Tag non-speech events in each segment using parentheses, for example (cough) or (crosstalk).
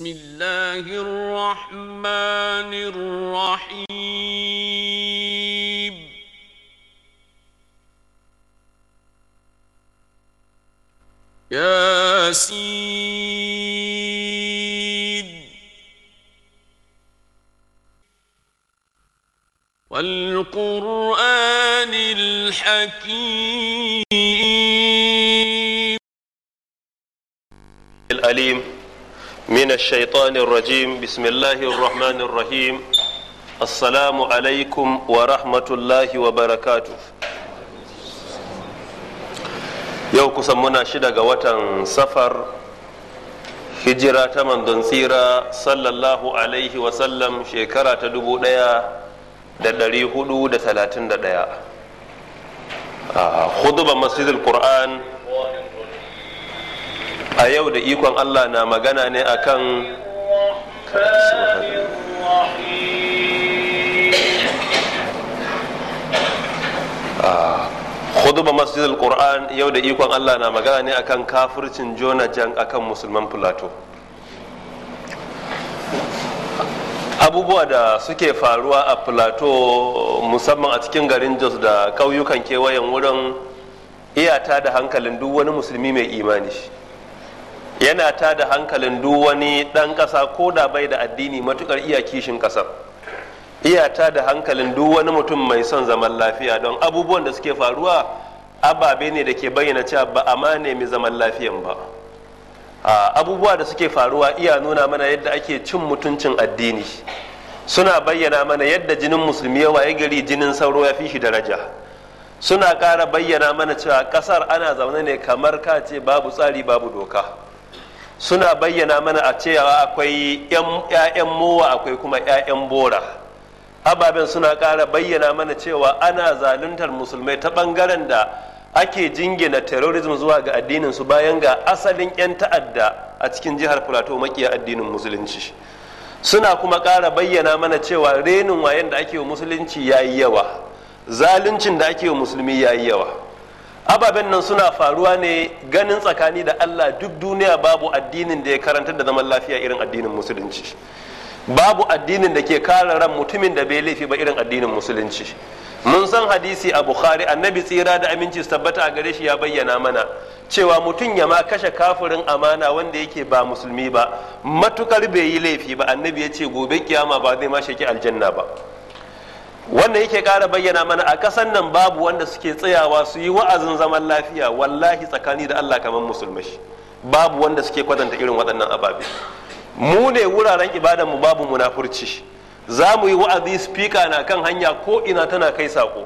بسم الله الرحمن الرحيم يا سيد والقرآن الحكيم الأليم من الشيطان الرجيم بسم الله الرحمن الرحيم السلام عليكم ورحمة الله وبركاته yau kusan muna shida ga watan safar hijira ta manzon tsira sallallahu alaihi wasallam shekara ta dubu ɗaya da ɗari hudu da talatin da ɗaya. a hudu masjidul a yau da ikon Allah na magana ne akan ah, hudubar masjid al-qur'an yau da ikon Allah na magana ne akan kafircin jona jan akan musulman plato abubuwa da suke faruwa a plato musamman a cikin garin jos da ƙauyukan kewayen wurin iyata da hankalin duk wani musulmi mai imani shi yana ta da hankalin duk wani ɗan ƙasa ko da bai da addini matukar iya kishin ƙasar iya ta da hankalin duk wani mutum mai son zaman lafiya don abubuwan da suke faruwa ababe ne da ke bayyana cewa ba a ma nemi zaman lafiyan ba abubuwa da suke faruwa iya nuna mana yadda ake cin mutuncin addini suna bayyana mana yadda jinin musulmi yawa ya gari jinin sauro ya fi shi daraja suna ƙara bayyana mana cewa ƙasar ana zaune ne kamar ka ce babu tsari babu doka suna bayyana mana a cewa akwai 'ya'yan mowa akwai kuma 'ya'yan bora ababen suna ƙara bayyana mana cewa ana zaluntar musulmai ta ɓangaren da ake jingina terrorism zuwa ga addinin su bayan ga asalin 'yan ta'adda a cikin jihar plateau makiya addinin musulunci suna kuma ƙara bayyana mana cewa renin wayen da ake musulunci yayi yawa zaluncin da ake musulmi yayi yawa ababen nan suna faruwa ne ganin tsakani da Allah duk duniya babu addinin da ya karantar da zaman lafiya irin addinin musulunci babu addinin da ke kare ran mutumin da bai laifi ba irin addinin musulunci mun san hadisi a bukhari annabi tsira da aminci su tabbata a gare shi ya bayyana mana cewa mutum ya ma kashe kafirin amana wanda yake ba musulmi ba matukar bai yi laifi ba annabi ya ce gobe kiyama ba zai ma shaki aljanna ba wannan yake kara bayyana mana a kasan nan babu wanda suke tsayawa su yi wa'azin zaman lafiya wallahi tsakani da Allah kamar musulmai babu wanda suke kwatanta irin waɗannan ababe mu ne wuraren ibadan mu babu munafurci za mu yi wa'azi spika na kan hanya ko ina tana kai sako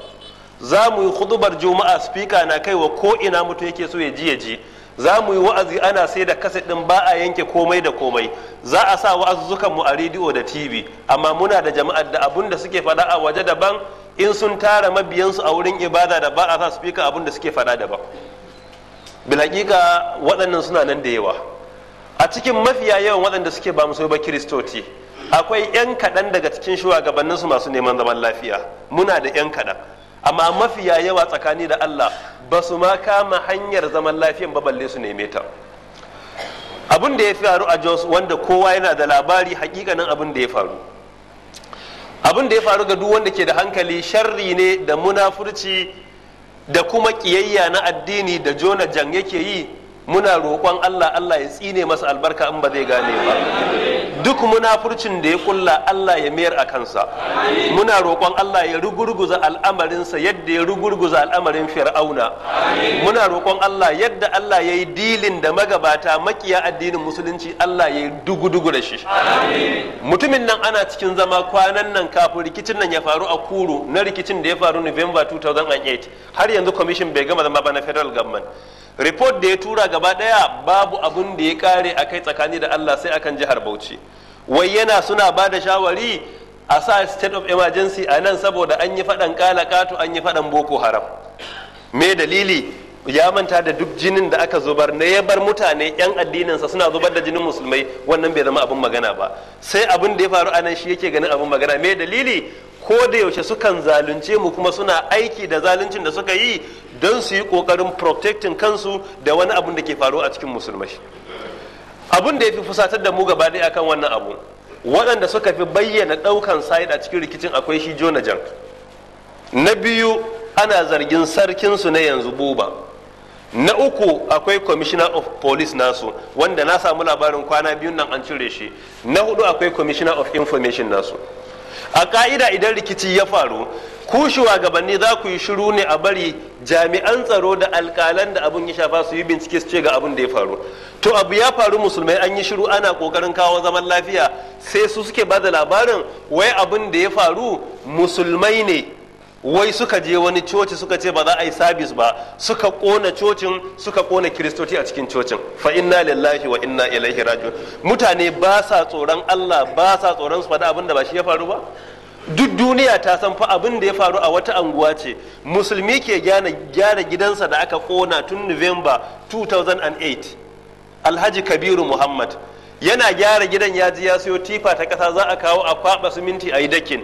za mu yi hudubar juma'a spika na kai wa ko ina mutum yake so ya ji ya ji za mu yi wa'azi ana sai da kaset din ba a yanke komai da komai za a sa wa'azuzzukan mu a rediyo da tv amma muna da jama'ar da abun da suke faɗa a waje daban in sun tara mabiyansu a wurin ibada da ba a sa speaker abun da suke faɗa daban bil hakika waɗannan suna nan da yawa a cikin mafiya yawan waɗanda suke ba musu ba kiristoci akwai 'yan kaɗan daga cikin shugabanninsu masu neman zaman lafiya muna da 'yan kaɗan amma mafiya yawa tsakani da Allah ba su ma kama hanyar zaman lafiyan ba balle su neme ta abin da ya faru a Jos wanda kowa yana da labari hakikanin abin da ya faru abin da ya faru ga duk wanda ke da hankali sharri ne da munafurci da kuma kiyayya na addini da jona jang yake yi muna roƙon Allah Allah ya tsine masa albarka in ba zai gane ba duk munafurcin da ya kulla Allah ya mayar a kansa muna roƙon Allah ya rugurguza al'amarinsa yadda ya rugurguza al'amarin fir'auna muna roƙon Allah yadda Allah ya yi dilin da magabata makiya addinin musulunci Allah ya yi dugu da shi mutumin nan ana cikin zama kwanan nan kafin rikicin nan ya faru a kuru na rikicin da ya faru November 2008 har yanzu commission bai gama zama ba na federal government report da ya tura gaba daya babu abun da ya kare a kai tsakani da Allah sai akan jihar Bauchi wai yana suna ba da shawari a sa state of emergency a nan saboda an yi faɗan kala kato an yi faɗan boko haram me dalili ya manta da duk jinin da aka zubar ne ya bar mutane yan addininsa suna zubar da jinin musulmai wannan bai zama abin magana ba sai abin da ya faru a nan shi yake ganin abin magana me dalili ko da yaushe sukan zalunce mu kuma suna aiki da zaluncin da suka yi don su yi kokarin protectin kansu da wani abun da ke faruwa a cikin musulmai abun da ya fi fusatar da mu gaba ɗaya akan wannan abu waɗanda suka fi bayyana ɗaukan said a cikin rikicin akwai shi jonajan na biyu ana zargin sarkin su na yanzu buba na uku akwai commissioner of police nasu wanda na samu labarin kwana biyun nan an cire shi na hudu akwai commissioner of information nasu a ka'ida idan rikici ya faru ku shugabanni za ku yi shiru ne a bari jami'an tsaro da alkalan da abun ya shafa su yi bincike su ce ga abun da ya faru to abu ya faru musulmai an yi shiru ana kokarin kawo zaman lafiya sai su suke ba da labarin wai abun da ya faru musulmai ne wai suka je wani coci suka ce ba za a yi sabis ba suka kona cocin suka kona kiristoci a cikin cocin fa inna lillahi wa inna ilaihi raji'un mutane ba sa tsoron Allah ba sa tsoron su faɗa abin da ba shi ya faru ba duk duniya ta san fa abin da ya faru a wata anguwa ce musulmi ke gyara gidansa da aka kona tun November 2008 Alhaji Kabiru Muhammad yana gyara gidan ya ji ya siyo tifa ta kasa za a kawo a kwaba siminti a yi dakin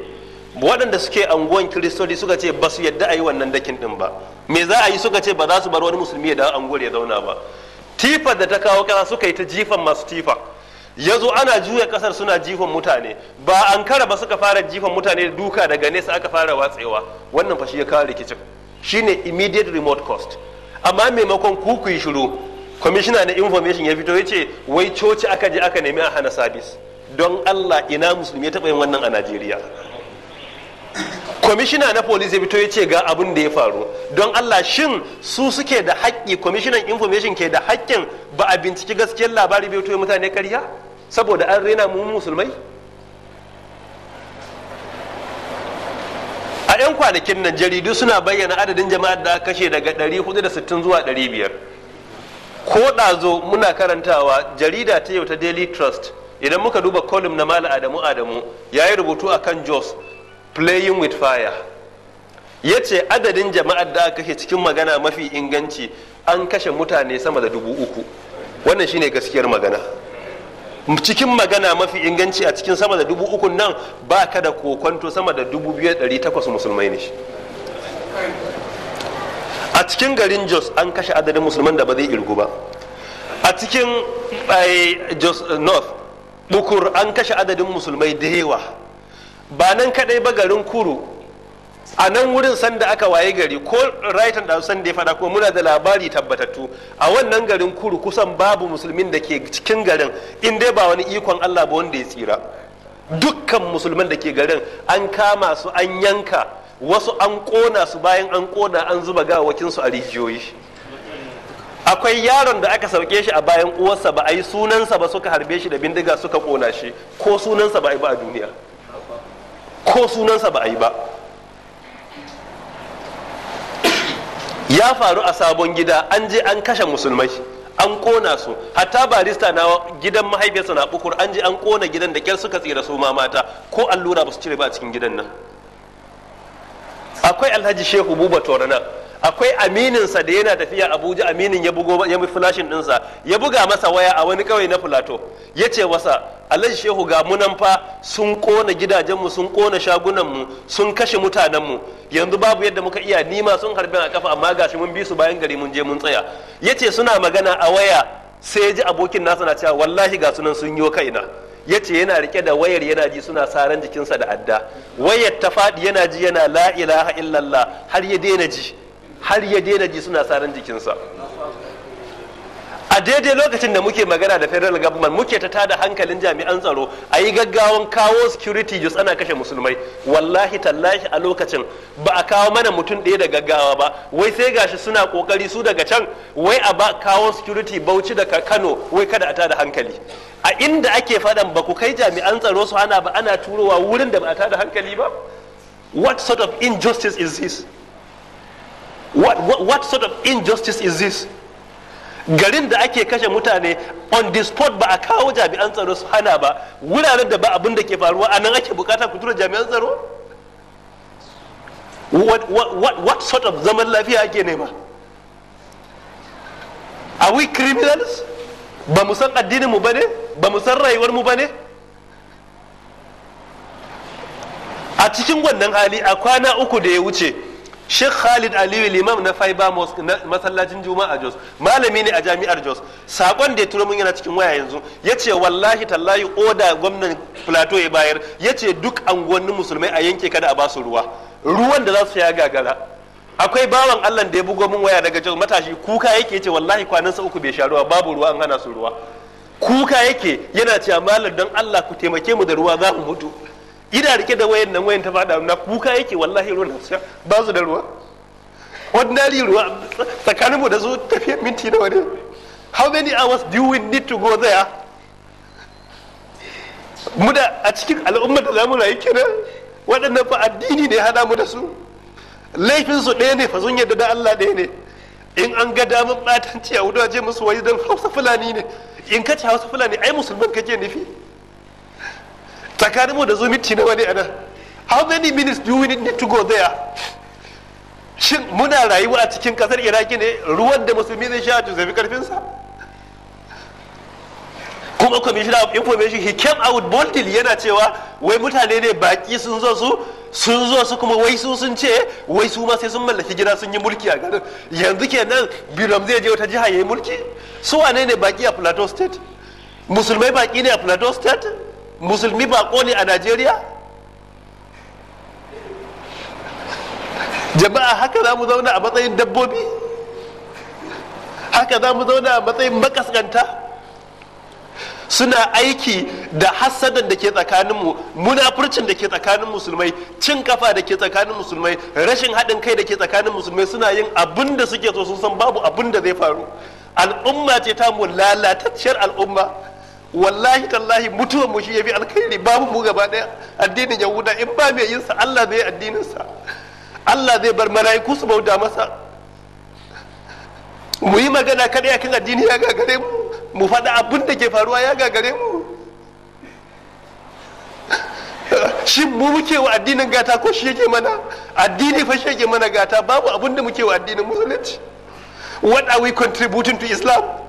waɗanda suke anguwan kiristoci suka ce ba su yadda a yi wannan dakin ɗin ba me za a yi suka ce ba za su bar wani musulmi ya dawo anguwar ya zauna ba tifar da ta kawo kasa suka yi ta jifan masu tifa ya zo ana juya kasar suna jifan mutane ba an kara ba suka fara jifan mutane da duka daga nesa aka fara watsewa wannan fashi ya kawo rikicin shine immediate remote cost amma maimakon ku ku yi shiru kwamishina na information ya fito ya ce wai coci aka je aka nemi a hana sabis don allah ina musulmi ya taɓa yin wannan a najeriya kwamishina na police ya fito ya ce ga abin da ya faru don allah shin su suke da haƙƙi kwamishinan information ke da haƙƙin ba a binciki gaskiyar labari bai fito mutane karya saboda an rena mu musulmai a 'yan kwanakin nan jaridu suna bayyana adadin jama'ar da kashe daga 460 zuwa 500 ko ɗazo muna karantawa jarida ta yau ta daily trust idan muka duba column na mala adamu adamu ya yi rubutu a kan jos playing with fire ya ce adadin jama'ar da aka kashe cikin magana mafi inganci an kashe mutane sama da dubu uku wannan shine gaskiyar magana cikin magana mafi inganci a cikin sama da dubu uku nan ba ka da kokonto sama da dubu biyu da takwas musulmai ne a cikin garin jos an kashe adadin musulman da ba zai irgu ba a cikin jos north bukur an kashe adadin musulmai da yawa ba nan kadai ba garin Kuru, a nan wurin sanda aka waye gari ko raitan da sanda ya fada kuma muna da labari tabbatattu a wannan garin kuru kusan babu musulmin da ke cikin garin in dai ba wani ikon Allah ba wanda ya tsira dukkan musulman da ke garin an kama su an yanka wasu an kona su bayan an kona an zuba gawakin su a rijiyoyi akwai yaron da aka sauke shi a bayan uwarsa ba a yi sunansa ba suka harbe shi da bindiga suka kona shi ko sunansa ba a yi ba a duniya ko sunansa ba a yi ba ya faru a sabon gida an je an kashe musulmai an kona su hatta barista na gidan mahaifiyarsa na bukur an je an kona gidan da kyar suka tsira su mata ko allura ba su cire ba a cikin gidan nan akwai alhaji shehu buba torana akwai amininsa da yana tafiya abuja aminin ya bugo ya flashin dinsa ya buga masa waya a wani kawai na filato ya ce wasa alhaji shehu ga munan fa sun kona gidajenmu sun kona shagunanmu sun kashe mutanenmu yanzu babu yadda muka iya nima sun harbe a kafa amma gashi mun bi su bayan gari mun je mun tsaya ya ce suna magana a waya sai ya ji abokin nasa na cewa wallahi ga sunan sun yi kaina ya ce yana rike da wayar yana ji suna saran jikinsa da adda wayar ta faɗi yana ji yana la ilaha illallah har ya daina ji har ya daina ji suna saran jikinsa a daidai lokacin da muke magana da federal government muke ta tada hankalin jami'an tsaro a yi gaggawan kawo security just ana kashe musulmai wallahi tallahi a lokacin ba a kawo mana mutum ɗaya da gaggawa ba wai sai gashi suna kokari su daga can wai a ba kawo security bauchi daga kano wai kada a tada hankali a inda ake faɗan ba ku kai jami'an tsaro su hana ba ana turowa wurin da ba a tada hankali ba what sort of injustice is this what, what, what sort of injustice is this garin da ake kashe mutane on the spot ba a kawo jami'an tsaro su hana ba wuraren da ba abin da ke faruwa a nan ake bukata ku tura jami'an tsaro what, what, what sort of zaman lafiya ake nema are we criminals ba mu san addinin mu bane ba mu san rayuwar mu bane a cikin wannan hali a kwana uku da ya wuce Sheikh Khalid Aliyu Limam na Faiba masallacin Juma'a Jos malami ne a jami'ar Jos sakon da ya mun yana cikin waya yanzu yace wallahi tallahi oda gwamnan Plateau ya bayar yace duk anguwannin musulmai a yanke kada a basu ruwa ruwan da za su ya gagara akwai bawan Allah da ya bugo mun waya daga Jos matashi kuka yake yace wallahi kwanan sa uku bai sha ruwa babu ruwa an hana su ruwa kuka yake yana cewa malam dan Allah ku taimake mu da ruwa za mu mutu ina rike da wayan nan wayan ta fada na kuka yake wallahi ruwan nan ba su da ruwa ordinary ruwa tsakanin mu da su tafiya minti da wani how many hours do we need to go there mu da a cikin al'ummar da zamu rayu kenan waɗannan fa addini ne hada mu da su laifin su ɗaya ne fa sun yadda da Allah ɗaya ne in an ga damar ɓatanci a je musu wai don hausa fulani ne in ka ci hausa fulani ai musulman kake nufi tsakanin mu da su na nawa ne anan how many minutes do we need to go there shin muna rayuwa a cikin kasar iraki ne ruwan da musulmi zai sha to zafi karfinsa kuma commissioner of information he came out boldly yana cewa wai mutane ne baki sun zo su sun zo su kuma wai su sun ce wai su ma sai sun mallaki gida sun yi mulki a garin yanzu kenan biram zai je wata jiha ya yi mulki su wane ne baki a plateau state musulmai baki ne a plateau state musulmi bako ne a najeriya jama'a haka za mu zauna a matsayin dabbobi haka za mu zauna a matsayin makaskanta suna aiki da hasadan da ke tsakaninmu munafurcin da ke tsakanin musulmai cin kafa da ke tsakanin musulmai rashin haɗin kai da ke tsakanin musulmai suna yin abin da suke so sun san babu abin da zai faru al'umma ce ta mu lalatacciyar al'umma wallahi tallahi mutuwa mu shi ya bi alkhairi babu mu gaba daya addinin yahuda in ba mai yinsa Allah zai addinin sa Allah zai bar mala'iku su bauta masa mu yi magana kada ya kan addini ya gagare mu mu faɗa abin da ke faruwa ya gagare mu shi mu muke wa addinin gata ko shi yake mana addini fa shi yake mana gata babu abin da muke wa addinin musulunci what are we contributing to islam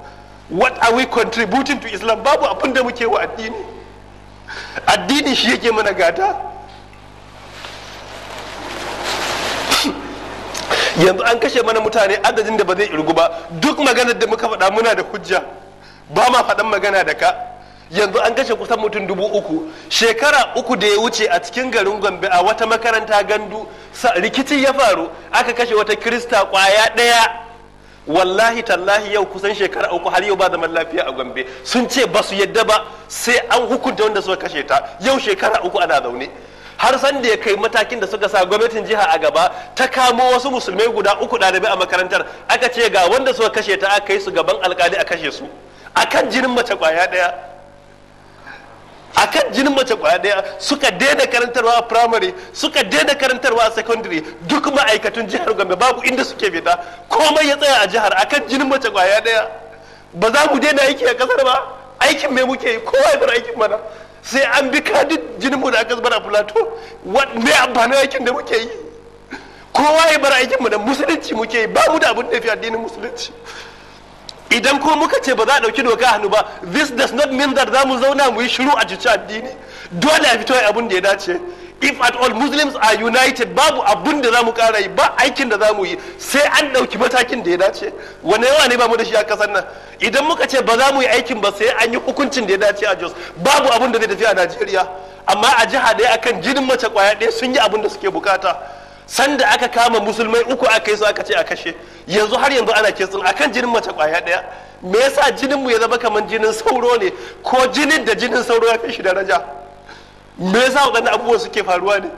what are we contributing to islam babu abin da muke wa addini addini shi yake mana gata (laughs) yanzu an kashe mana mutane adadin da ba zai irgu ba duk maganar da muka faɗa muna da hujja ba ma faɗan magana da ka yanzu an kashe kusan mutum dubu uku shekara uku da ya wuce a cikin garin gombe a wata makaranta gandu rikici ya faru aka kashe wata krista kwaya ɗaya wallahi tallahi yau kusan shekara uku har yau ba zaman lafiya a gombe sun ce ba su yadda ba sai an hukunta wanda suka kashe ta yau shekara uku ana zaune har san da ya kai matakin da suka sa gwamnatin jiha a gaba ta kamo wasu musulmai guda uku ɗalibai a makarantar aka ce ga wanda suka kashe ta aka yi su gaban alkali a kashe su akan jinin mace kwaya ɗaya a kan jinin mace kwaya daya suka daina karantarwa a primary suka daina karantarwa a secondary duk ma'aikatun jihar gombe babu inda suke fita komai ya tsaya a jihar a kan jinin mace kwaya daya ba za mu daina aiki a kasar ba aikin mai muke yi kowa ya bar aikin mana sai an bi kadin jinin mu da aka zubar a plato me amfanin aikin da muke yi kowa ya bar aikin mu da musulunci muke yi ba mu da abin da fi addinin musulunci idan ko muka ce ba za a ɗauki doka hannu ba this does not mean that za mu zauna mu yi shiru a jici addini dole a fito abin da ya dace if at all muslims are united babu abun da za mu kara yi ba aikin da za mu yi sai an ɗauki matakin da ya dace wane yawa ne ba mu da shi a kasar nan idan muka ce ba za mu yi aikin ba sai an yi hukuncin da ya dace a jos babu abun da zai tafi a najeriya amma a jiha ɗaya akan jinin mace kwaya ɗaya sun yi abin da suke bukata sanda aka kama musulmai uku aka yi su aka ce a kashe yanzu har yanzu ana kitsin akan jinin mace kwaya daya me yasa jinin mu ya zama kamar jinin sauro ne ko jinin da jinin sauro ya fi daraja me yasa waɗannan abubuwa suke faruwa ne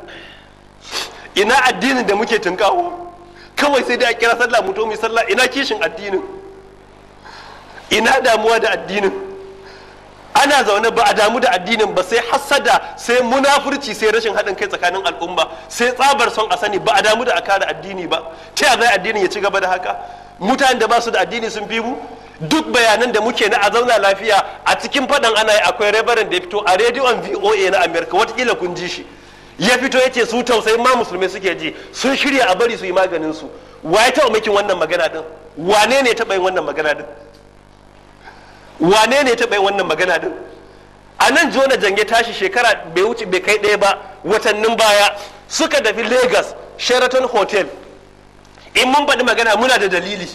ina addinin da muke tunkawo kawai sai dai a kira sallah mu to sallah ina kishin addinin ina damuwa da addinin ana zaune ba a damu da addinin ba sai hasada sai munafurci sai rashin haɗin kai tsakanin al'umma sai tsabar son a sani ba a damu da a kare addini ba ta zai addinin ya ci gaba da haka mutanen da ba su da addini sun fi mu duk bayanan da muke na a zauna lafiya a cikin faɗan ana yi akwai rabaran da ya fito a rediyon voa na america watakila kun ji shi ya fito ya ce su tausayin ma musulmai suke ji sun shirya a bari su yi maganin su wa ya taɓa wannan magana din wane ne ya taɓa yin wannan magana din wane ne taɓa yin wannan magana din a nan jona jange tashi shekara bai wuce bai kai ɗaya ba watannin baya suka tafi lagos sheraton hotel in mun faɗi magana muna da dalili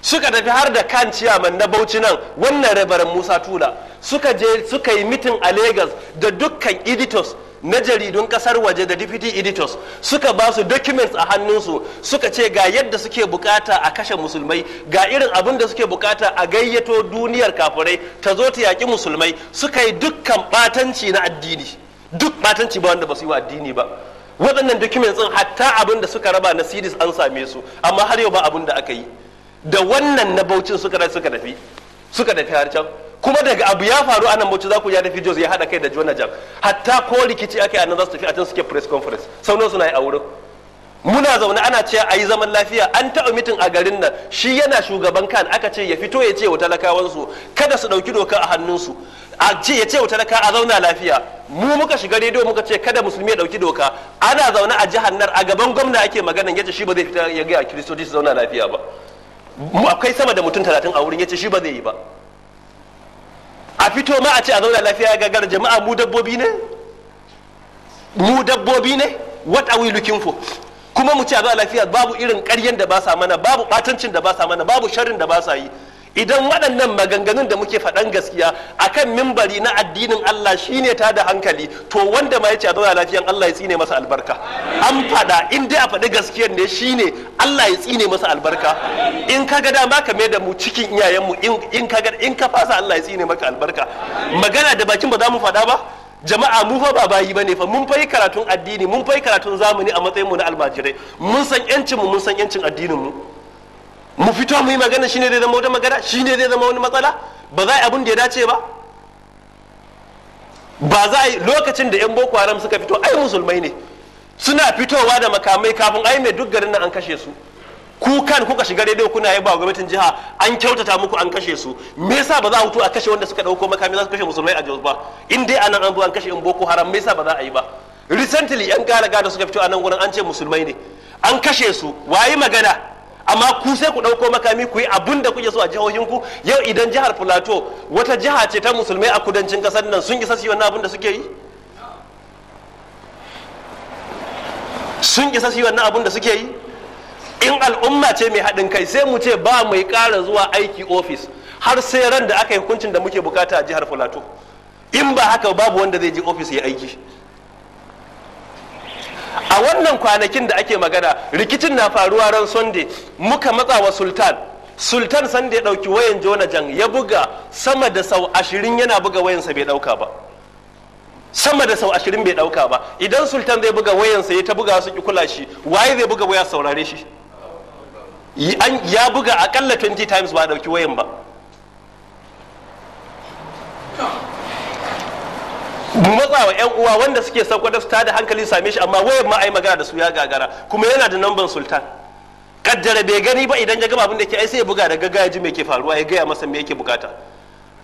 suka tafi har da kan ciyaman na bauchi nan wannan rabaran musa tula suka suka yi mitin a lagos da dukkan editors na jaridun kasar waje da deputy editors suka ba su documents a hannunsu suka ce ga yadda suke bukata a kashe musulmai ga irin abin da suke bukata a gayyato duniyar kafirai ta zo ta yaƙi musulmai suka yi dukkan batanci na addini duk batanci ba wanda ba su yi wa addini ba waɗannan documents ɗin hatta abin da suka raba na series an same su amma har yau ba abin da aka yi da wannan na baucin suka suka tafi suka tafi har can kuma daga abu ya faru a nan bauchi za ku ya da videos ya haɗa kai da jona jam hatta ko rikici aka a nan za su tafi a can suke press conference sau nan suna yi a wurin muna zaune ana ce a yi zaman lafiya an taɓa mitin a garin nan shi yana shugaban kan aka ce ya fito ya ce wa talakawansu kada su ɗauki doka a hannunsu a ce ya ce wa talaka a zauna lafiya mu muka shiga rediyo muka ce kada musulmi ya ɗauki doka ana zaune a jihar a gaban gwamna ake magana yace shi ba zai fita ya ga kiristoci su zauna lafiya ba mu akwai sama da mutum talatin a wurin yace shi ba zai yi ba a fito ma a ce a zauna lafiya ga gara jama'a mu dabbobi ne mu dabbobi ne what are we looking for kuma mu ce a zauna lafiya babu irin ƙaryen da ba sa mana babu ɓatancin da ba sa mana babu sharrin da ba sa yi idan waɗannan maganganun da muke faɗan gaskiya akan mimbari na addinin Allah shine ta da hankali to wanda ma yace a zauna lafiyan Allah ya tsine masa albarka an faɗa in dai a faɗi gaskiyar ne shine Allah ya tsine masa albarka in ka ga dama ka mai da mu cikin iyayenmu in ka ga in ka fasa Allah ya tsine maka albarka magana da bakin ba za mu faɗa ba jama'a mu fa ba bayi bane fa mun fa yi karatun addini mun fa yi karatun zamani a matsayin mu na almajirai mun san yancin mu mun san yancin addinin mu mu fito mu yi magana shine zai zama wata magana shine zai zama wani matsala ba za a yi abin da ya dace ba ba za a yi lokacin da 'yan boko haram suka fito ai musulmai ne suna fitowa da makamai kafin ai mai duk garin nan an kashe su ku kan kuka shiga daidai kuna yi ba gwamnatin jiha an kyautata muku an kashe su me yasa ba za a hutu a kashe wanda suka dauko makamai za su kashe musulmai a Jos ba in dai anan an an kashe yan boko haram me yasa ba za a yi ba recently yan gara gara suka fito a nan gurin an ce musulmai ne an kashe su wayi magana amma ku sai ku ɗauko makami ku yi abin da kuke so a jihohinku yau idan jihar plateau wata jiha ce ta musulmai a kudancin ƙasar nan sun isa su yi wannan abin da suke yi sun isa su yi wannan abin da suke yi in al'umma ce mai haɗin kai sai mu ce ba mai ƙara zuwa aiki ofis har sai ran da aka yi hukuncin da muke bukata a jihar plateau in ba haka babu wanda zai je ofis ya aiki a wannan kwanakin da ake magana rikicin na faruwa ran sunday muka matsa wa sultan sultan sanda ya ɗauki wayan jonajan ya buga sama da sau ashirin yana buga wayansa bai ɗauka ba sama da sau ashirin bai ɗauka ba idan sultan zai buga wayansa ya ta buga su ki kula shi waye zai buga waya saurare shi ya buga akalla 20 times ba ɗauki wayan ba mu matsa wa yan uwa wanda suke da su tada hankali same shi amma wayan ma ai magana da su ya gagara kuma yana da namban sultan kaddara bai gani ba idan ya gama abin da ke ai sai ya buga da gaggawa ji me ke faruwa ya gaya masa me yake bukata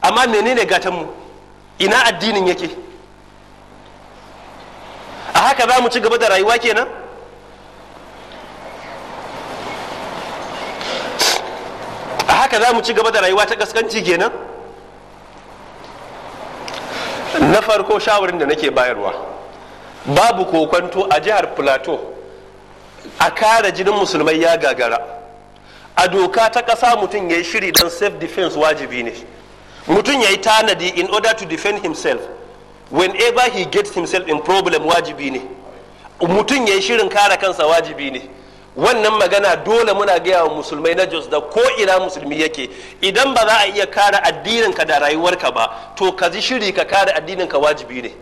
amma menene gatan mu ina addinin yake a haka za mu ci gaba da rayuwa kenan a haka za mu ci gaba da rayuwa ta kaskanci kenan na farko shawarin da nake bayarwa babu kokwanto a jihar plateau a kare jinin musulmai ya gagara a doka ta kasa mutum ya yi shiri don self defense wajibi ne mutum ya yi tanadi in order to defend himself whenever he gets himself in problem wajibi ne mutum ya yi shirin kare kansa wajibi ne wannan magana dole muna gaya wa musulmai na jos da ko ina musulmi yake idan ba za a iya kare addininka da rayuwarka ba to ka ji shiri ka kare addininka wajibi ne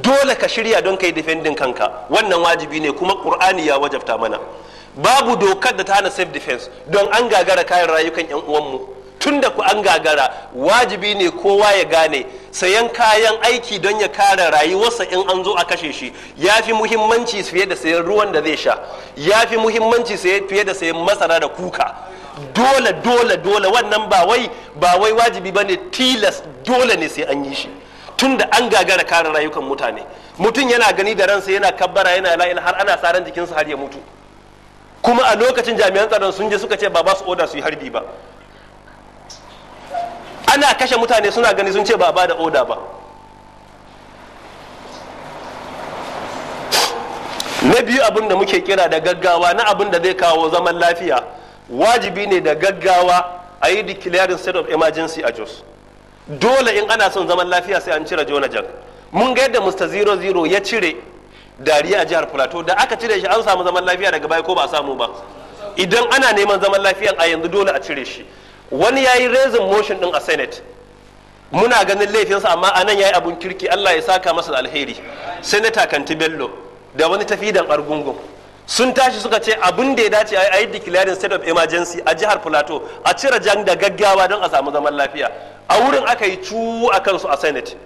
dole ka shirya don ka yi defending kanka wannan wajibi ne kuma qur'ani ya wajabta mana babu dokar da ta hana self defense don an gagara kayan rayukan yan uwanmu tun da ku an gagara wajibi ne kowa ya gane sayan kayan aiki don ya kare rayuwarsa in an zo a kashe shi ya fi muhimmanci fiye da sayan ruwan da zai sha ya fi muhimmanci fiye da sayan masara da kuka dole dole dole wannan ba wai ba wai wajibi ba ne tilas dole ne sai an yi shi tun da an gagara kare rayukan mutane mutum yana gani da ransa yana kabbara yana la'il har ana saran jikinsa har ya mutu kuma a lokacin jami'an tsaron sun je suka ce ba ba su oda su yi harbi ba ana kashe mutane suna gani sun ce ba ba da oda ba na biyu abin da muke kira da gaggawa na abin da zai kawo zaman lafiya wajibi ne da gaggawa a yi declaring state of emergency a jos dole in ana son zaman lafiya sai an cire jona jan mun ga yadda mr zero zero ya cire dariya a jihar plateau da aka cire shi an samu zaman lafiya daga baya ko ba a samu ba idan ana neman zaman lafiyan a yanzu dole a cire shi wani ya yi raising motion ɗin a senate muna ganin laifinsa amma a nan ya yi abun kirki allah ya saka masa alheri senator kanti bello da wani tafi dan argungun sun tashi suka ce abun da ya dace a yi declaring state of emergency a jihar plateau a cire jan da gaggawa don a samu zaman lafiya a wurin aka yi cu a kansu a senate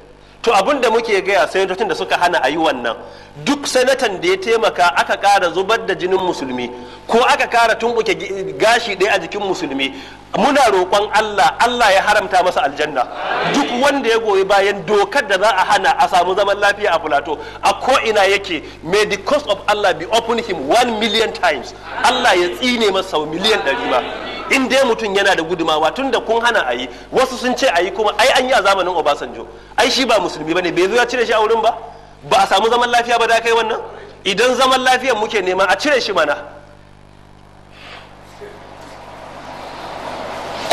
to abin da muke gaya sanatocin da suka hana a yi wannan duk sanatan da ya taimaka aka kara zubar da jinin musulmi ko aka kara tumbuke gashi ɗaya a jikin musulmi muna roƙon allah allah ya haramta masa aljanna duk wanda ya goyi bayan dokar da za a hana a samu zaman lafiya a filato a ko ina yake may the cause of allah be open him one million times allah ya tsine masa sau miliyan ɗari ba in dai mutum yana da gudumawa tun da kun hana ayi wasu sun ce ayi kuma ai an yi a zamanin obasanjo ai shi ba musulmi ne bai zo ya cire shi a wurin ba ba a samu zaman lafiya ba da kai wannan idan zaman lafiyar muke nema a cire shi mana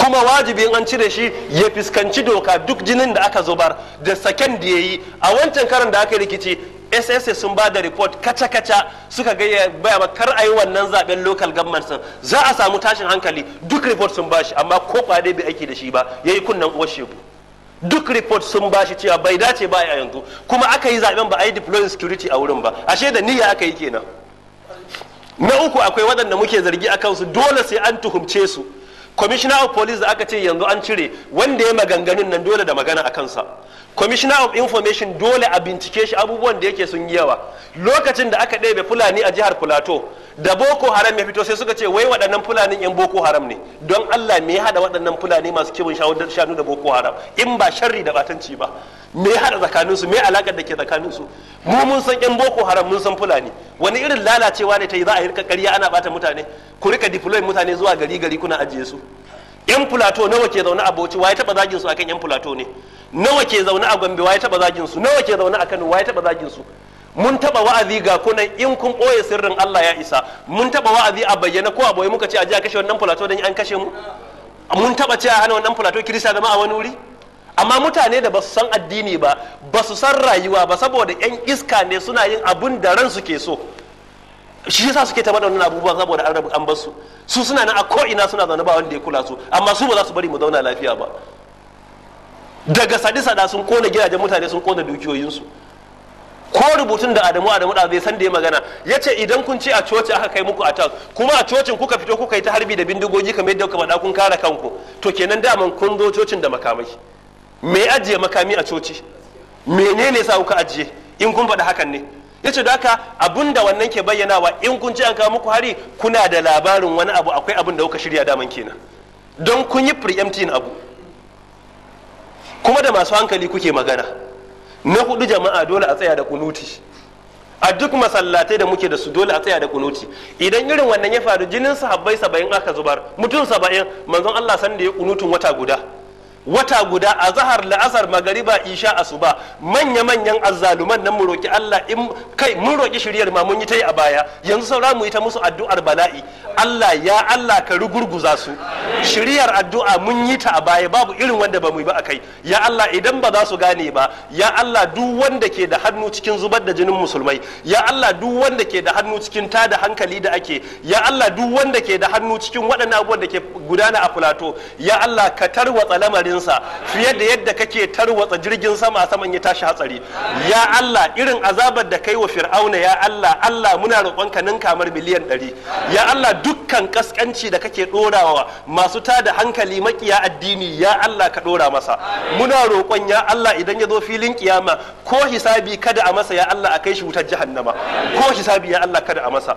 kuma wajibin an cire shi ya fuskanci doka duk jinin da aka zubar da saken da ya yi a wancan karan da aka yi rikici SSA sun ba da report kaca-kaca suka gaya baya kar a yi wannan zaben local government sun za a samu tashin hankali duk report sun ba shi amma ko kwade bai aiki da shi ba ya yi kunnan uwar duk report sun ba shi cewa bai dace ba a yanzu kuma aka yi zaben ba a yi deploying security a wurin ba ashe da niyya aka yi kenan na uku akwai waɗanda muke zargi a kansu dole sai an tuhumce su commissioner of police da aka ce yanzu an cire wanda ya maganganun nan dole da magana a kansa commissioner of information dole a bincike shi abubuwan da yake sun yi yawa lokacin da aka ɗebe fulani a jihar plateau da boko haram ya fito sai suka ce wai waɗannan fulanin yan boko haram ne don allah me ya haɗa waɗannan fulani masu kiwon shanu da boko haram in ba sharri da batanci ba me ya haɗa tsakaninsu me alaƙar da ke tsakaninsu mu mun san yan boko haram mun san fulani wani irin lalacewa ne ta yi za a yi rika ƙarya ana bata mutane ku rika deploy mutane zuwa gari gari kuna ajiye su yan plateau nawa ke zaune a bauchi waye taɓa zagin su akan yan plateau ne nawa ke zaune a gombe waye taba zagin su nawa ke zaune a kano waye taba zagin su mun taba wa'azi ga kunan in kun ɓoye sirrin Allah ya isa mun taba wa'azi a bayyana ko a boye muka ce a ji a kashe wannan fulato dan an kashe mu mun taba ce a hana wannan fulato kirista zama a wani wuri amma mutane da ba su san addini ba ba su san rayuwa ba saboda yan iska ne suna yin abun da ransu ke so shi yasa suke ta bada wannan abubuwa saboda an rabu an bar su su suna nan a ko ina suna zaune ba wanda ya kula su amma su ba za su bari mu zauna lafiya ba daga sadi-sada sun kona gidajen mutane sun kona dukiyoyinsu ko rubutun da adamu adamu da zai san da ya magana ya ce idan kun ci a coci aka kai muku can kuma a cocin kuka fito kuka yi ta harbi da bindigogi kamar yadda kuma da kun kare kanku to kenan daman kun zo cocin da makamai me ajiye makami a coci menene sa kuka ajiye in kun faɗa hakan ne ya ce da haka abun da wannan ke bayyanawa in kun ci an kawo muku hari kuna da labarin wani abu akwai abun da kuka shirya daman kenan don kun yi preempting abu kuma da masu hankali kuke magana na hudu jama'a dole a tsaya da kunuti a duk masallatai da muke da su dole a tsaya da kunuti idan irin wannan ya faru jinin sahabbai saba'in aka zubar mutum saba'in manzon Allah san da ya kunutun wata guda wata guda a zahar la'asar magariba isha ba manya manyan azzaluman nan mu roki Allah in kai mun roki shiryar ma mun yi ta yi a baya yanzu saura mu yi ta musu addu'ar bala'i Allah ya Allah ka rugurguza su shiryar addu'a mun yi ta a baya babu irin wanda ba mu yi ba kai ya Allah idan ba za su gane ba ya Allah duk wanda ke da hannu cikin zubar da jinin musulmai ya Allah duk wanda ke da hannu cikin tada hankali da ake ya Allah duk wanda ke da hannu cikin waɗannan abubuwan da ke gudana a fulato ya Allah ka tarwatsa lamarin halinsa fiye da yadda kake tarwatsa jirgin sama saman ya tashi hatsari ya Allah irin azabar da kai wa fir'auna ya Allah Allah muna roƙonka kamar miliyan ɗari ya Allah dukkan kaskanci da kake ɗorawa masu tada hankali makiya addini ya Allah ka ɗora masa muna roƙon ya Allah idan ya zo filin kiyama ko hisabi kada a masa ya Allah a kai shi wutar jahannama ko hisabi ya Allah kada a masa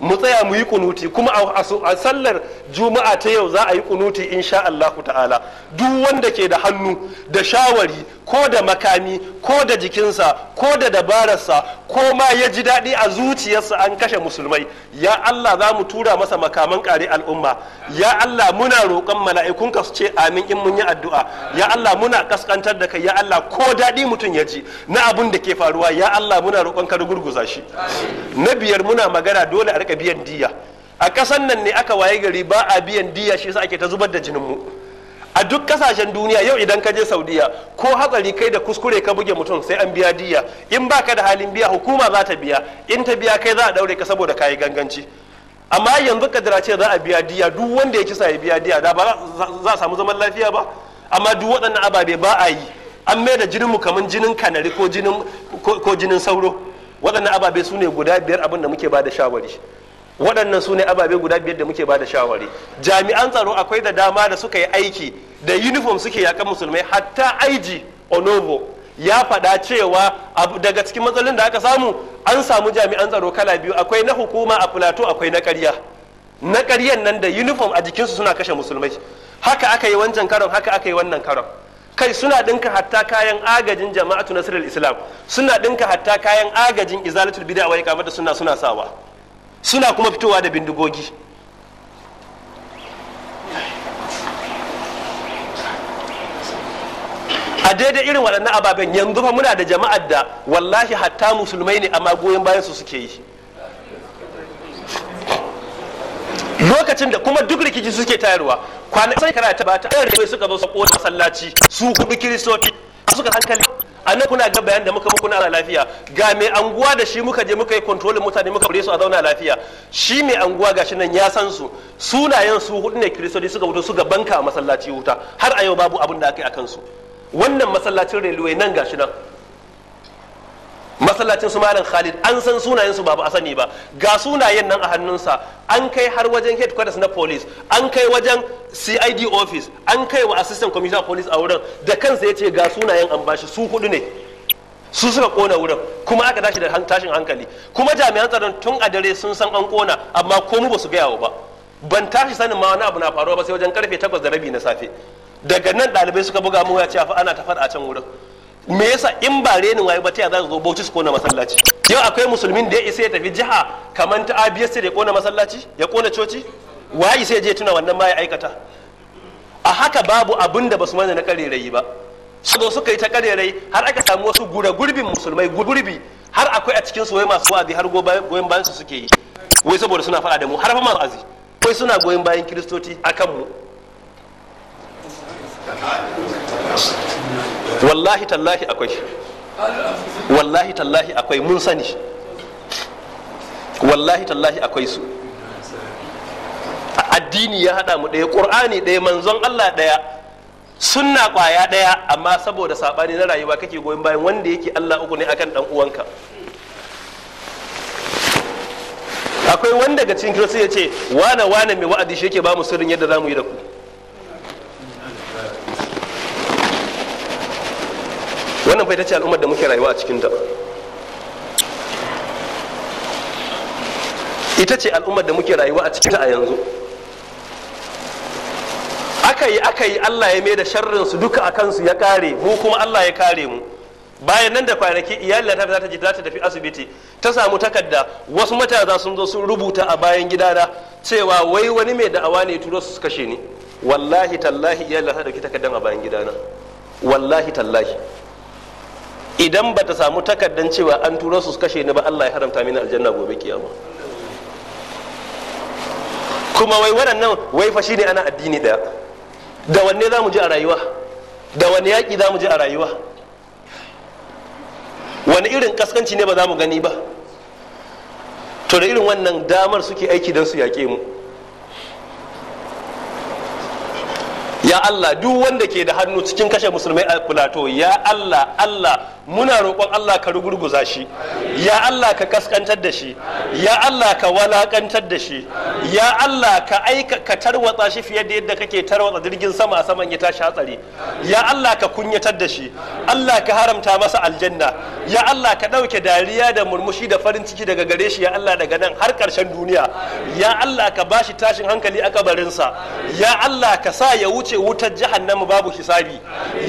mu tsaya mu yi kunuti kuma a sallar juma'a ta yau za a yi kunuti insha allahu ta'ala duk duk wanda ke da hannu da shawari ko da makami ko da jikinsa ko da dabararsa ko ma ya ji daɗi a zuciyarsa an kashe musulmai ya Allah za mu tura masa makaman ƙare al'umma ya Allah muna roƙon mala'ikunka su ce amin in mun yi addu'a ya Allah muna kaskantar da kai ya Allah ko daɗi mutum ya ji na abun da ke faruwa ya Allah muna roƙon ka gurguza shi na biyar muna magana dole a riƙa biyan diya a ƙasan nan ne aka waye gari ba a biyan diya shi yasa ake ta zubar da jinin mu a duk kasashen duniya yau idan ka je saudiya ko hatsari kai da kuskure ka buge mutum sai an biya diya in baka da halin biya hukuma za ta biya in ta biya kai za a daure ka saboda kayi ganganci amma yanzu ka dira ce za a biya diya duk wanda ya kisa ya biya diya da ba za a samu zaman lafiya ba amma duk waɗannan ababe ba a yi an mai da jinin mu kamar jinin kanari ko jinin sauro waɗannan ababe su ne guda biyar abin da muke ba da shawari waɗannan su ne ababe guda biyar da muke ba da shawari jami'an tsaro akwai da dama da suka yi aiki da uniform suke yakan musulmai hatta aiji onobo ya faɗa cewa daga cikin matsalolin da aka samu an samu jami'an tsaro kala biyu akwai na hukuma a plateau akwai na ƙarya na ƙaryan nan da uniform a jikinsu suna kashe musulmai haka aka yi wancan karon haka aka yi wannan karon kai suna ɗinka hatta kayan agajin jama'atu nasirar islam suna ɗinka hatta kayan agajin izalatul bid'a wa iqamatu sunna suna sawa suna kuma fitowa da bindigogi a daidai irin waɗannan ababen yanzu fa muna da jama'ar da wallahi hatta musulmai ne amma goyon bayan su suke yi lokacin da kuma duk rikici suke tayarwa kwanan sai karata ba ta su suka zo su ƙona masallaci su hudu kiristoci suka hankali a nan kuna ga bayan da muka muku na lafiya ga mai anguwa da shi muka je muka yi kontrolin mutane muka bare su a zauna lafiya shi mai anguwa ga shi nan ya san su sunayen su hudu ne kiristodi suka wuto suka banka a masallaci wuta har a yau babu abin da aka yi a kansu wannan masallacin railway nan ga shi nan masallacin su malam khalid an san sunayen ba ba a sani ba ga sunayen nan a hannunsa an kai har wajen headquarters na police an kai wajen cid office an kai wa assistant commissioner of police a wurin da kansa ya ce ga sunayen an bashi su hudu ne su suka kona wurin kuma aka tashi da tashin hankali kuma jami'an tsaron tun a dare sun san an kona amma komu ba su gaya wa ba ban tashi sanin ma wani abu na faruwa ba sai wajen karfe takwas da rabi na safe daga nan ɗalibai suka buga mu ya ce ana ta fada a can wurin me yasa in ba reni wayo ba ta za su zo bauchi su kona masallaci yau akwai musulmin da ya isa ya tafi jiha kamar ta sai da ya kona masallaci ya kona coci wa isa ya je tuna wannan ma ya aikata a haka babu abin da basu mana na rai ba su zo suka yi ta karerai har aka samu wasu gura gurbin musulmai gurbi har akwai a cikin su wai masu wa'azi har goyon bayan su suke yi wai saboda suna fada da mu har fa masu azi wai suna goyon bayan kiristoci akan mu wallahi tallahi akwai wallahi tallahi akwai mun sani wallahi tallahi akwai su addini ya hada mu ɗaya qur'ani ɗaya manzon Allah ɗaya sunna ƙwaya ɗaya amma saboda sabani na rayuwa kake goyon bayan wanda yake Allah uku ne akan ɗan uwanka akwai wanda ga cikin kiristoci ya ce wane wane mai wa'adi shi yake ba mu sirrin yadda za mu yi da ku wannan fa ita ce al'ummar da muke rayuwa a cikinta ita ce al'ummar da muke rayuwa a ta a yanzu aka yi aka yi Allah ya mai da sharrin su duka a kansu ya kare mu kuma Allah ya kare mu bayan nan da kwanaki iyali ta ta ji ta tafi asibiti ta samu takarda wasu matasa sun zo sun rubuta a bayan gidana cewa wai wani mai da'awa ne turo su kashe ni wallahi tallahi iyalin ta dauki takardan a bayan gidana wallahi tallahi idan ba ta samu takardan cewa an tura su kashe ni ba Allah ya haramta mini aljanna gobe kiyama kuma wai waɗannan wai fa shine ana addini ɗaya? da wanne za mu ji a rayuwa da wani yaƙi za mu ji a rayuwa wani irin kaskanci ne ba za mu gani ba to da irin wannan damar suke aiki don su yaƙe mu ya Allah duk wanda ke da hannu cikin kashe musulmai a plato ya Allah Allah muna roƙon Allah ka rugurguza shi ya Allah ka kaskantar da shi ya Allah ka walakantar da shi ya Allah ka aika ka tarwatsa shi fiye da yadda kake tarwatsa jirgin sama saman ya tashi hatsari ya Allah ka kunyatar da shi Allah ka haramta masa aljanna ya Allah ka ɗauke dariya da murmushi da farin ciki daga gare shi ya Allah daga nan har ƙarshen duniya ya Allah ka bashi tashin hankali a kabarinsa ya Allah ka sa ya wuce ce wutar mu babu hisabi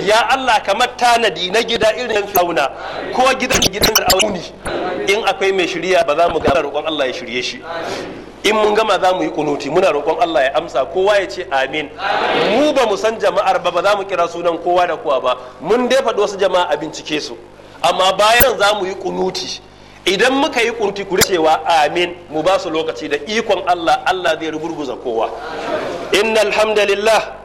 ya Allah kamar tanadi na gida irin fir'auna ko gidan gidan auni. in akwai mai shirya ba za mu ga roƙon Allah ya shirye shi in mun gama za mu yi kunuti muna roƙon Allah ya amsa kowa ya ce amin mu ba mu san jama'ar ba ba za mu kira sunan kowa da kowa ba mun dai faɗi wasu jama'a a bincike su amma bayan za mu yi kunuti idan muka yi kunuti ku cewa amin mu ba su lokaci da ikon Allah Allah zai ruburguza kowa innal hamdalillah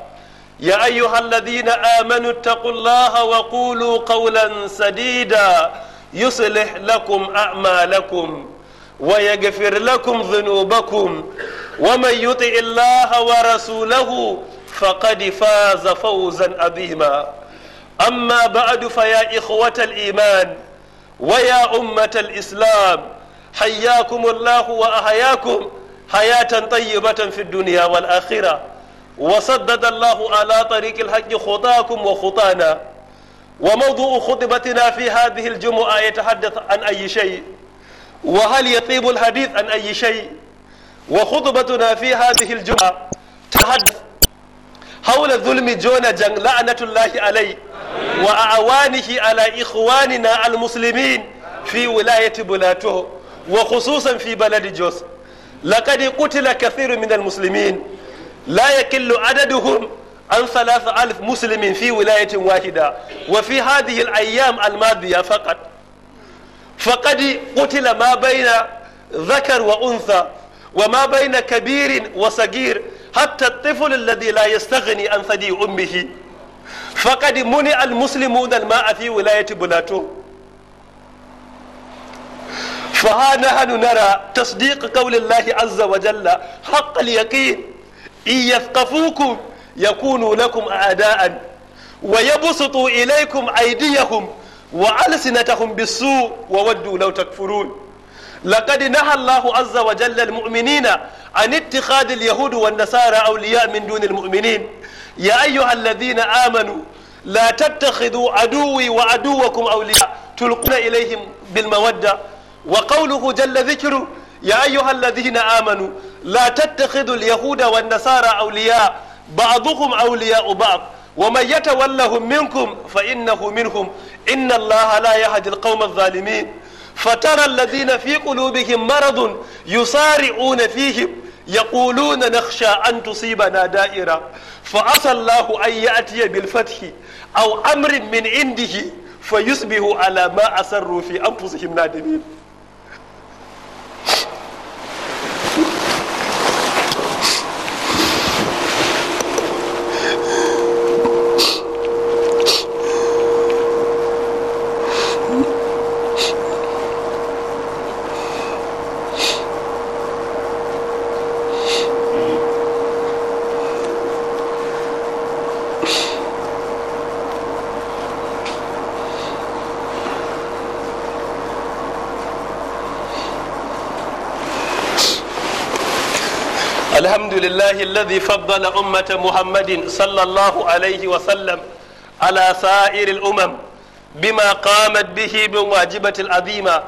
يا أيها الذين آمنوا اتقوا الله وقولوا قولا سديدا يصلح لكم أعمالكم ويغفر لكم ذنوبكم ومن يطع الله ورسوله فقد فاز فوزا عظيما أما بعد فيا إخوة الإيمان ويا أمة الإسلام حياكم الله وأحياكم حياة طيبة في الدنيا والآخرة وسدد الله على طريق الحج خطاكم وخطانا وموضوع خطبتنا في هذه الجمعة يتحدث عن أي شيء وهل يطيب الحديث عن أي شيء وخطبتنا في هذه الجمعة تحدث حول ظلم جون جن لعنة الله عليه وأعوانه على إخواننا المسلمين في ولاية بلاته وخصوصا في بلد جوس لقد قتل كثير من المسلمين لا يكل عددهم عن ثلاث ألف مسلم في ولاية واحدة وفي هذه الأيام الماضية فقط فقد قتل ما بين ذكر وأنثى وما بين كبير وصغير حتى الطفل الذي لا يستغني عن ثدي أمه فقد منع المسلمون الماء في ولاية بلاتو فها نحن نرى تصديق قول الله عز وجل حق اليقين إن يثقفوكم يكونوا لكم أعداء ويبسطوا إليكم أيديهم وألسنتهم بالسوء وودوا لو تكفرون لقد نهى الله عز وجل المؤمنين عن اتخاذ اليهود والنصارى أولياء من دون المؤمنين يا أيها الذين آمنوا لا تتخذوا عدوي وعدوكم أولياء تلقون إليهم بالمودة وقوله جل ذكره يا أيها الذين آمنوا لا تتخذوا اليهود والنصارى أولياء بعضهم أولياء بعض ومن يتولهم منكم فإنه منهم إن الله لا يهدي القوم الظالمين فترى الذين في قلوبهم مرض يصارعون فيهم يقولون نخشى أن تصيبنا دائرة فعسى الله أن يأتي بالفتح أو أمر من عنده فيصبحوا على ما أسروا في أنفسهم نادمين الحمد لله الذي فضل أمة محمد صلى الله عليه وسلم على سائر الأمم بما قامت به من واجبة العظيمة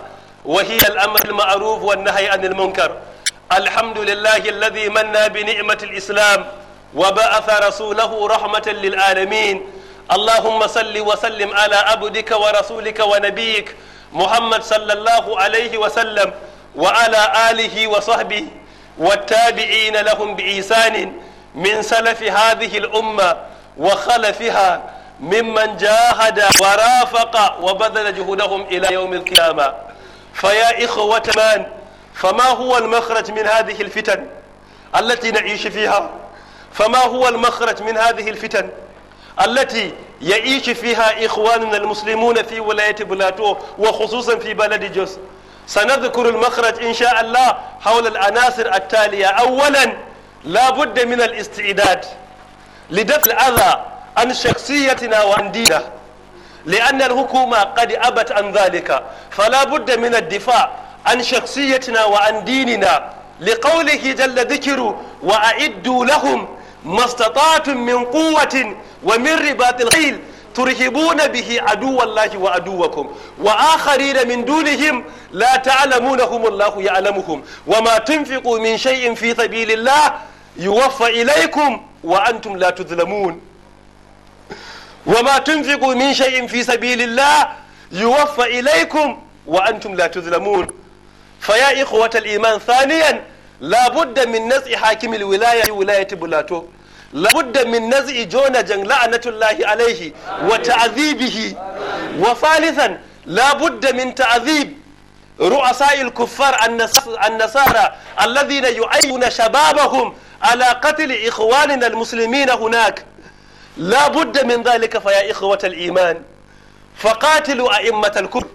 وهي الأمر المعروف والنهي عن المنكر الحمد لله الذي منى بنعمة الإسلام وبعث رسوله رحمة للعالمين اللهم صل وسلم على عبدك ورسولك ونبيك محمد صلى الله عليه وسلم وعلى آله وصحبه والتابعين لهم بإحسان من سلف هذه الأمة وخلفها ممن جاهد ورافق وبذل جهودهم إلى يوم القيامة فيا إخوة من فما هو المخرج من هذه الفتن التي نعيش فيها فما هو المخرج من هذه الفتن التي يعيش فيها إخواننا المسلمون في ولاية بلاتو وخصوصا في بلد جوز سنذكر المخرج إن شاء الله حول العناصر التالية أولا لا بد من الاستعداد لدفع الأذى عن شخصيتنا وعن ديننا لأن الحكومة قد أبت عن ذلك فلا بد من الدفاع عن شخصيتنا وعن ديننا لقوله جل ذكره وأعدوا لهم ما استطعتم من قوة ومن رباط الخيل turhibuna bihi aduwallahi wa aduwakum wa akharina min dunihim la ta'lamunahum Allahu ya'lamuhum wa ma tunfiqu min shay'in fi sabilillah yuwaffa ilaykum wa antum la tuzlamun wa ma tunfiqu min shay'in fi sabilillah yuwaffa ilaykum wa antum la tuzlamun fa ya ikhwatal iman saniyan la budda min naz'i hakimil wilaya wilayati bulato لابد من نزع جن لعنة الله عليه وتعذيبه وثالثا لابد من تعذيب رؤساء الكفار النصارى الذين يعينون شبابهم على قتل إخواننا المسلمين هناك لا بد من ذلك فيا إخوة الإيمان فقاتلوا أئمة الكفر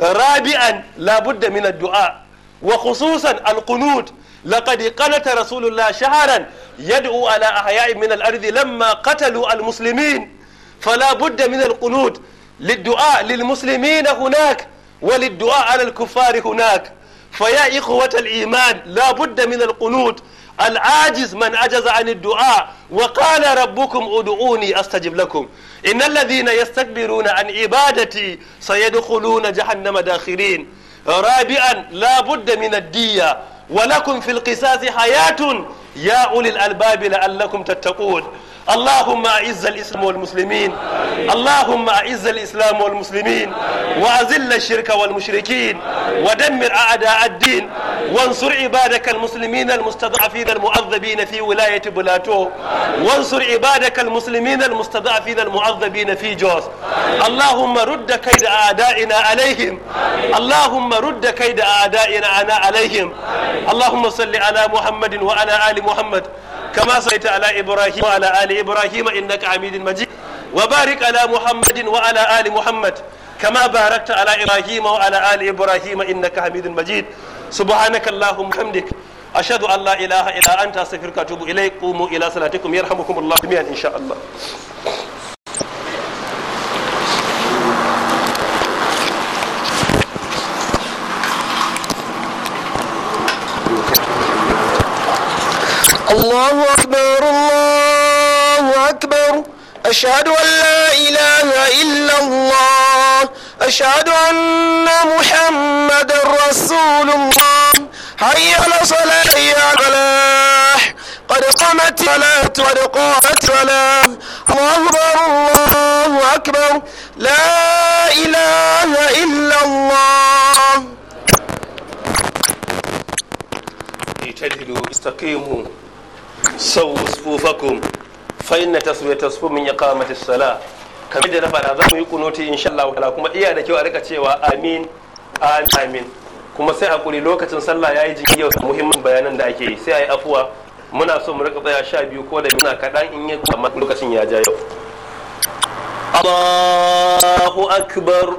رابعا لا بد من الدعاء وخصوصا القنوت لقد قنت رسول الله شهرا يدعو على أحياء من الأرض لما قتلوا المسلمين فلا بد من القنوت للدعاء للمسلمين هناك وللدعاء على الكفار هناك فيا إخوة الإيمان لا بد من القنوت العاجز من عجز عن الدعاء وقال ربكم ادعوني استجب لكم ان الذين يستكبرون عن عبادتي سيدخلون جهنم داخرين رابعا لا بد من الديه ولكم في القصاص حياة يا أولي الألباب لعلكم تتقون اللهم أعز الإسلام والمسلمين اللهم أعز الإسلام والمسلمين وأذل الشرك والمشركين ودمر أعداء الدين وانصر عبادك المسلمين المستضعفين المعذبين في ولاية بلاتو وانصر عبادك المسلمين المستضعفين المعذبين في جوز اللهم رد كيد أعدائنا عليهم اللهم رد كيد أعدائنا عليهم اللهم صل على محمد وعلى آل محمد كما صليت على إبراهيم وعلى آل إبراهيم إنك عميد مجيد وبارك على محمد وعلى آل محمد كما باركت على إبراهيم وعلى آل إبراهيم إنك حميد مجيد سبحانك اللهم وبحمدك أشهد أن لا إله إلا أنت أستغفرك وأتوب إليك قوموا إلى صلاتكم يرحمكم الله جميعا إن شاء الله الله أكبر الله أشهد أن لا إله إلا الله أشهد أن محمد رسول الله حي على صلاة يا على فلاح قد قامت صلاة قد قامت صلاة الله أكبر الله أكبر لا إله إلا الله اعتدلوا استقيموا سووا صفوفكم fainna inna ya tasfu min mata sala kamar da na faɗa za mu yi kunuti insha Allah ta'ala kuma iya da kyau a rika cewa amin amin kuma sai hakuri lokacin sallah ya yi jiki yau muhimmin bayanan da ake yi sai yi afuwa muna so mu rika tsaya sha biyu ko da muna kaɗan in yi kuma lokacin ya ja yau Allahu akbar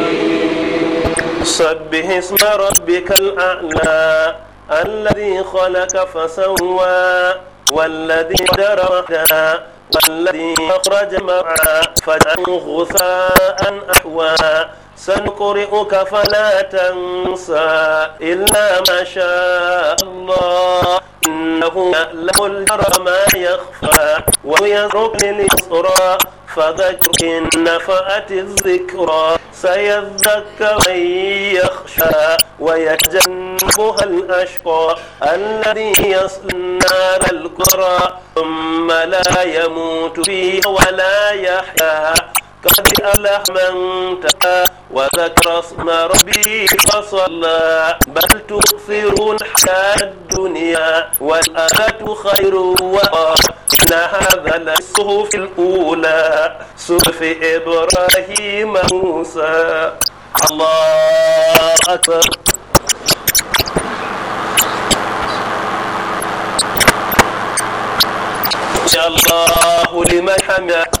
سبح اسم ربك الأعلى الذي خلق فسوى والذي درى والذي أخرج مرعى فجعله غثاء أحوى سنقرئك فلا تنسى إلا ما شاء الله إنه يألم الجر ما يخفى ويزرق لليسرى فذكر إن نفأت الذكرى سيذكر من يخشى ويتجنبها الأشقى الذي يصلى النار الكرى ثم لا يموت فيها ولا يحيا قد أفلح من تقى وذكر اسم ربي فصلى بل تؤثرون حياة الدنيا والآخرة خير وقى إن هذا في الأولى صحف إبراهيم موسى الله أكبر الله لمن حمد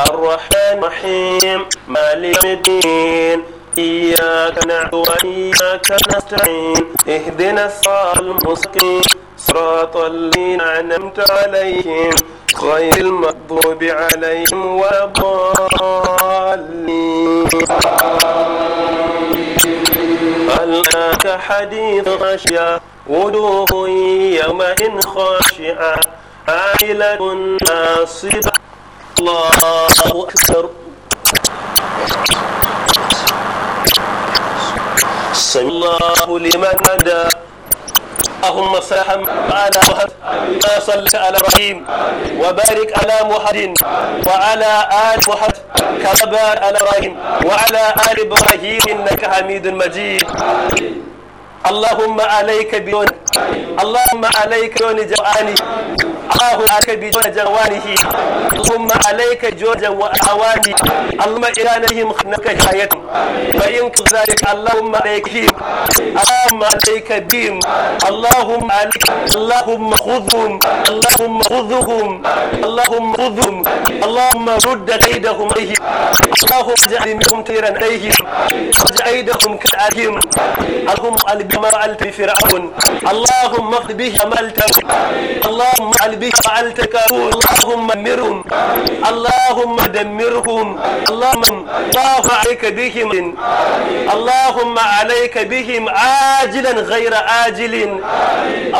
الرحمن الرحيم مالك الدين إياك نعبد وإياك نستعين اهدنا الصراط المستقيم صراط الذين أنعمت عليهم غير المغضوب عليهم ولا الضالين الآك حديث غشية وجوه يومئذ خاشعة عائلة ناصبة الله أكبر سمي الله لمن ندى اللهم صل على محمد صلى على ابراهيم وبارك على محمد وعلى ال محمد كما بارك على ابراهيم وعلى ال ابراهيم انك حميد مجيد آمين. اللهم عليك بدون اللهم عليك بدون جواني الله عليك بدون جوانه اللهم عليك جوجا وأواني اللهم إلى نبيهم خنك حياتهم فإن كذلك اللهم عليك بهم اللهم عليك بهم اللهم عليك اللهم خذهم اللهم خذهم اللهم خذهم اللهم رد قيدهم عليهم اللهم اجعل منهم تيرا عليهم واجعل ايدهم كالعليم اللهم قلبي ما فعلت بفرعون اللهم اخذ به عملت اللهم اجعل به فعلتك اللهم دمرهم اللهم دمرهم اللهم طاف عليك بهم اللهم عليك بهم عاجلا غير آجل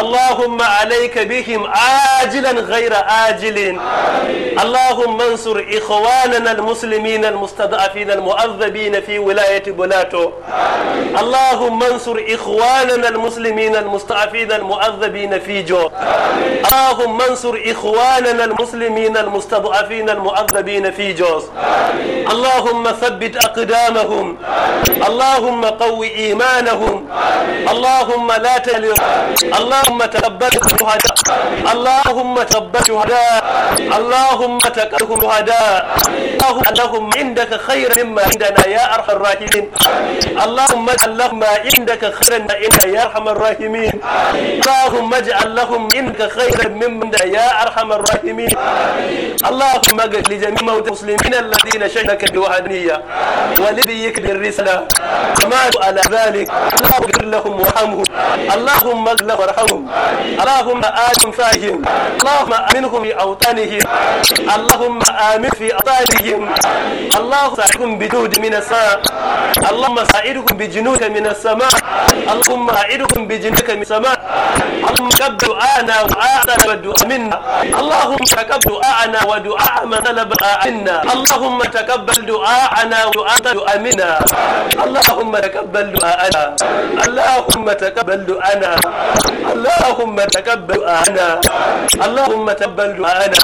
اللهم عليك بهم عاجلا غير آجل اللهم انصر إخواننا المسلمين المستضعفين المؤذبين في ولاية بولاتو اللهم انصر إخواننا إخواننا المسلمين المستعفين المؤذبين في جو آمين. اللهم انصر إخواننا المسلمين المستضعفين المؤذبين في جو اللهم ثبت أقدامهم اللهم قوي إيمانهم اللهم لا تلر اللهم تقبل شهداء اللهم تقبل شهداء اللهم تقبل شهداء اللهم لهم عندك خير مما عندنا يا أرحم الراحمين اللهم اجعل لهم ما عندك خيرا إنك يا أرحم الراحمين اللهم اجعل لهم منك خيرا من يا أرحم الراحمين اللهم اجعل لجميع موت المسلمين الذين شهدك بوحدانية ولبيك بالرسالة وماتوا على ذلك اللهم اغفر لهم وارحمهم اللهم اغفر لهم وارحمهم اللهم آمن فيهم اللهم آمنهم في أوطانهم اللهم آمن في أوطانهم اللهم ساعدهم بجود من السماء اللهم ساعدهم بجنود من السماء اللهم أعدكم بجنك من سماء اللهم كب دعانا وآتنا ودعاء منا اللهم تكب دعاءنا ودعاء من طلب منا اللهم تقبل دعاءنا ودعاء دعاء منا اللهم تقبل دعاءنا اللهم تقبل دعاءنا اللهم تقبل دعاءنا اللهم تقبل دعاءنا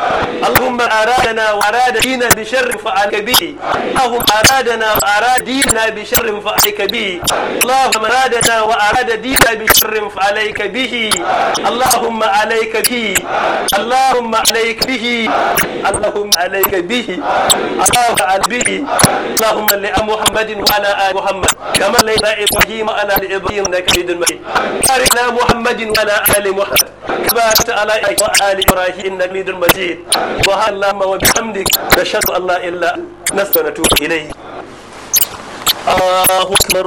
اللهم أرادنا وأراد دينا بشر فعلك به اللهم أرادنا وأراد دينا بشر فعلك به اللهم أرادنا وأراد أراد دينا بشر فعليك به اللهم عليك به اللهم عليك به اللهم عليك به اللهم عليك به اللهم لأ محمد وعلى آل محمد كما لأ إبراهيم على إبراهيم إنك حميد مجيد بارك على محمد وعلى آل محمد باركت على آل إبراهيم إنك حميد مجيد وهذا اللهم وبحمدك نشهد الله إلا نستغفرك إليه الله أكبر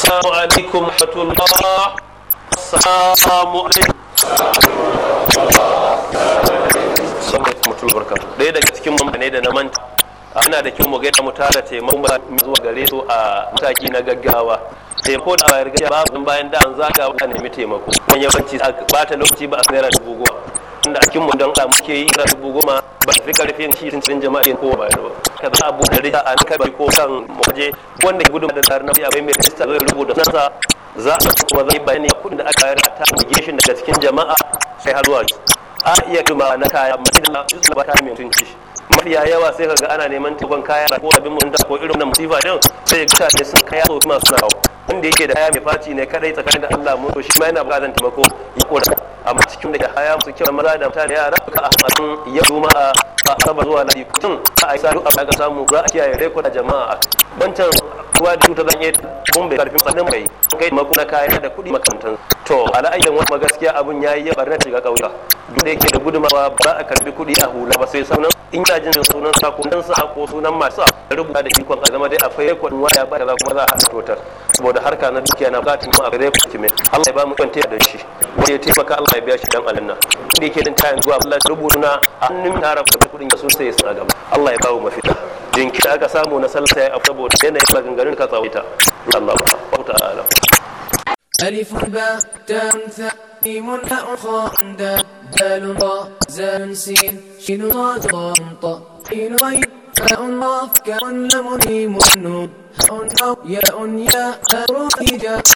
السلام عليكم ورحمه الله السلام عليكم ورحمة الله وبركاته ɗaya daga cikin mutane da na manta ana da kyau mu gaida mu tara taimako ba mu zuwa gare su a mataki na gaggawa taimako da bayar gajiya babu bayan da an zaga wa nemi taimako wani yawanci ba ta lokaci ba a naira da buguwa. inda cikin mudan ka muke yi ra dubu goma ba fi karfin shi sun cin jama'a ko ba da ka za a buɗe rita a kai ko kan waje wanda ke gudun da tsarin nabi bai mai rista zai rubuta sansa za a kuma zai bayani kuɗin da aka yarda ta buge shi daga cikin jama'a sai har zuwa a iya kuma na kaya mai da su ba ta mai tunci mafiya yawa sai ka ga ana neman tukon kaya ko abin mutunta ko irin na musifa din sai ka ne sun kaya so kuma suna wanda yake da haya mai faci ne kadai tsakanin da Allah mu to shi ma yana bukatar taimako ya kora amma cikin da ke haya su kyau maza da mutane yara ka ahmadin ya zuma a saba zuwa ladi kutun a aisa duk abin da samu za a kiyaye rekod jama'a bancan kuwa da cuta zanye yi bai karfin sannan bai kai mako na kaya da kuɗi makantan to ala'ayyan wani gaskiya abin ya yi ya barna shiga ƙauya duk da yake da gudumawa ba a karbi kuɗi a hula ba sai sunan in ya jin sunan sa dan sa ko sunan masu rubuta da ikon a zama dai akwai fayar waya ba da kuma za a haɗa totar saboda da harka na dukiya na bukatun ma gare ku kime Allah ya ba mu kwanta da shi wai ya taimaka Allah ya biya shi dan alanna inda yake dan tayin zuwa Allah rubutuna hannun haraf da kudin ya so sai ya sa gaba Allah ya ba mu mafita jinki aka samu na salsa ya afabo yanayin maganganun ka tsawaita Allah ba ta ta'ala ألف باء تاء ثميم هاء خاء دال راء زال سين شين ضاد ضاد طاء غين غين فأن رفك أن مريم النور هأن أو يا أن يا أروح